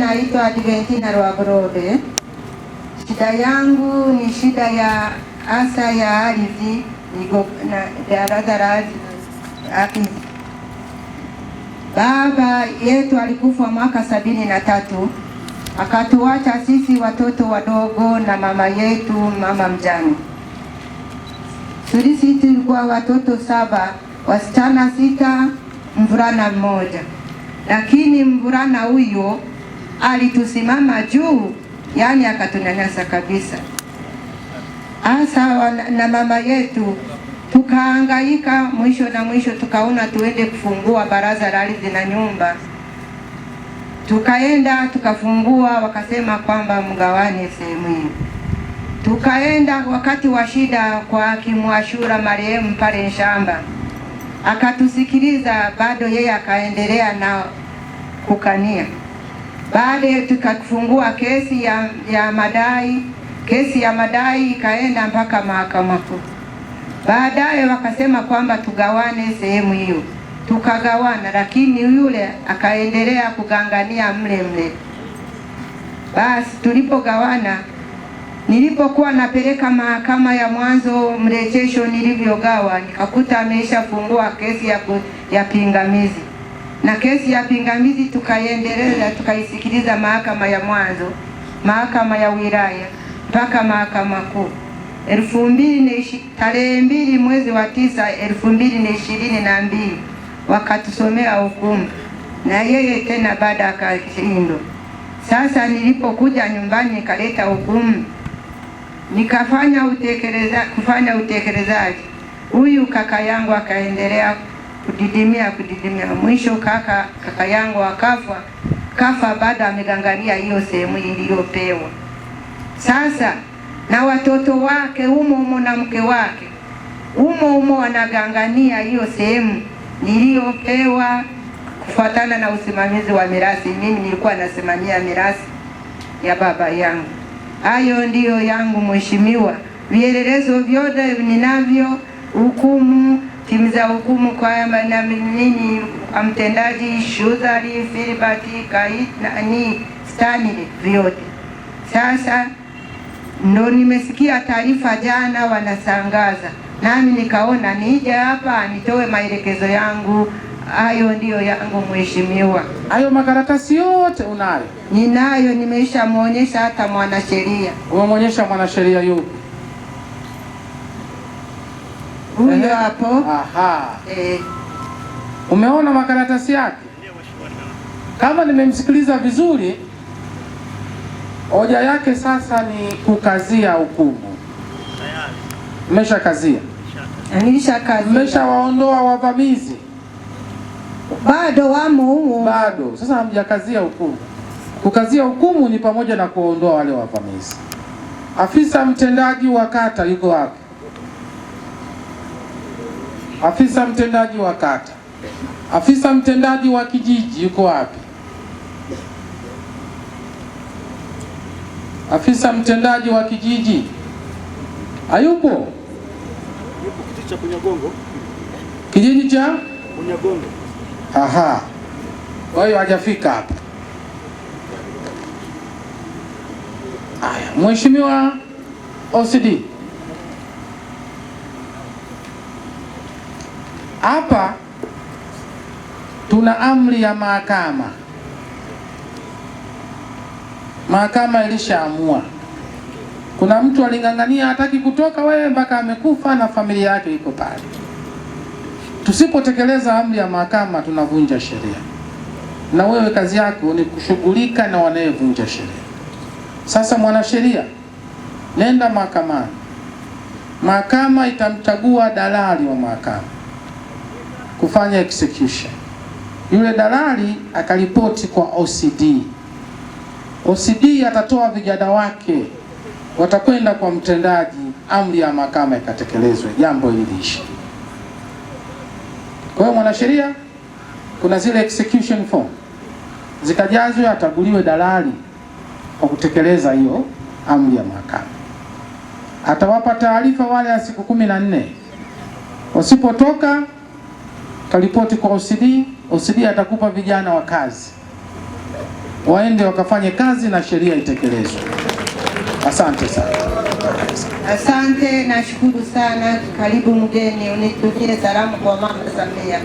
Naitwa Adventina Rwaburobe. Shida yangu ni shida ya hasa ya ardhi ardhi. Baba yetu alikufa mwaka sabini na tatu akatuacha sisi watoto wadogo na mama yetu, mama mjani Sisi tulikuwa watoto saba, wasichana sita, mvulana mmoja, lakini mvulana huyo alitusimama juu, yaani akatunyanyasa kabisa hasa na mama yetu. tukaangaika mwisho na mwisho, tukaona tuende kufungua baraza la ardhi na nyumba. Tukaenda tukafungua, wakasema kwamba mgawane sehemu hii. Tukaenda wakati wa shida kwa kimwashura marehemu pale Nshamba, akatusikiliza bado, yeye akaendelea na kukania baada tukafungua kesi ya, ya madai. Kesi ya madai ikaenda mpaka mahakama kuu. Baadaye wakasema kwamba tugawane sehemu hiyo, tukagawana, lakini yule akaendelea kugangania mle mle. Basi tulipogawana, nilipokuwa napeleka mahakama ya mwanzo mrejesho nilivyogawa, nikakuta ameishafungua kesi ya, ya pingamizi na kesi ya pingamizi tukaiendeleza, tukaisikiliza mahakama ya mwanzo, mahakama ya wilaya mpaka mahakama kuu. Tarehe mbili mwezi wa tisa elfu mbili na ishirini na mbili wakatusomea hukumu na yeye tena baada akashindwa. Sasa nilipokuja nyumbani nikaleta hukumu nikafanya utekeleza kufanya utekelezaji, huyu kaka yangu akaendelea kudidimia kudidimia, mwisho kaka kaka yangu akafa, kafa baada amegangania hiyo sehemu iliyopewa. Sasa na watoto wake umo umo na mke wake umo umo wanagangania hiyo sehemu niliyopewa kufuatana na usimamizi wa mirasi. Mimi nilikuwa nasimamia mirasi ya baba yangu. Hayo ndiyo yangu, mheshimiwa. Vielelezo vyote ninavyo, hukumu timu za hukumu kwaya manamilini kwa mtendaji shudhari filibati kait nani vyote. Sasa ndo nimesikia taarifa jana wanasangaza, nami nikaona nije hapa nitoe maelekezo yangu. Hayo ndiyo yangu mheshimiwa. Hayo makaratasi yote unayo? Ninayo, nimeisha mwonyesha hata mwanasheria. Umemwonyesha mwanasheria yupi? huyo hapo. Aha. Eh. Umeona makaratasi yake? Kama nimemsikiliza vizuri, hoja yake sasa ni kukazia hukumu. Mmesha kazia, mmeshawaondoa wavamizi, bado wamo humo, bado sasa hamjakazia hukumu. Kukazia hukumu ni pamoja na kuwaondoa wale wavamizi. Afisa mtendaji wa kata yuko wapi? afisa mtendaji wa kata, afisa mtendaji wa kijiji yuko wapi? Afisa mtendaji wa kijiji hayupo. Kijiji cha Bunyagongo. kijiji cha Bunyagongo. Aha, kwa hiyo hajafika hapa. Aya, mheshimiwa OCD Hapa tuna amri ya mahakama. Mahakama ilishaamua. Kuna mtu aling'ang'ania, hataki kutoka wewe mpaka amekufa na familia yake iko pale. Tusipotekeleza amri ya mahakama, tunavunja sheria, na wewe kazi yako ni kushughulika na wanayevunja sheria. Sasa mwanasheria, nenda mahakamani, mahakama itamchagua dalali wa mahakama kufanya execution. Yule dalali akaripoti kwa OCD. OCD atatoa vijana wake, watakwenda kwa mtendaji, amri ya mahakama ikatekelezwe, jambo hili Kwa hiyo mwanasheria, kuna zile execution form zikajazwe, ataguliwe dalali kwa kutekeleza hiyo amri ya mahakama. Atawapa taarifa wale ya siku kumi na nne, wasipotoka Karipoti kwa OCD, OCD atakupa vijana wa kazi waende wakafanye kazi na sheria itekelezwe. Asante sana. Asante, nashukuru sana. Karibu mgeni, unitukie salamu kwa Mama Samia.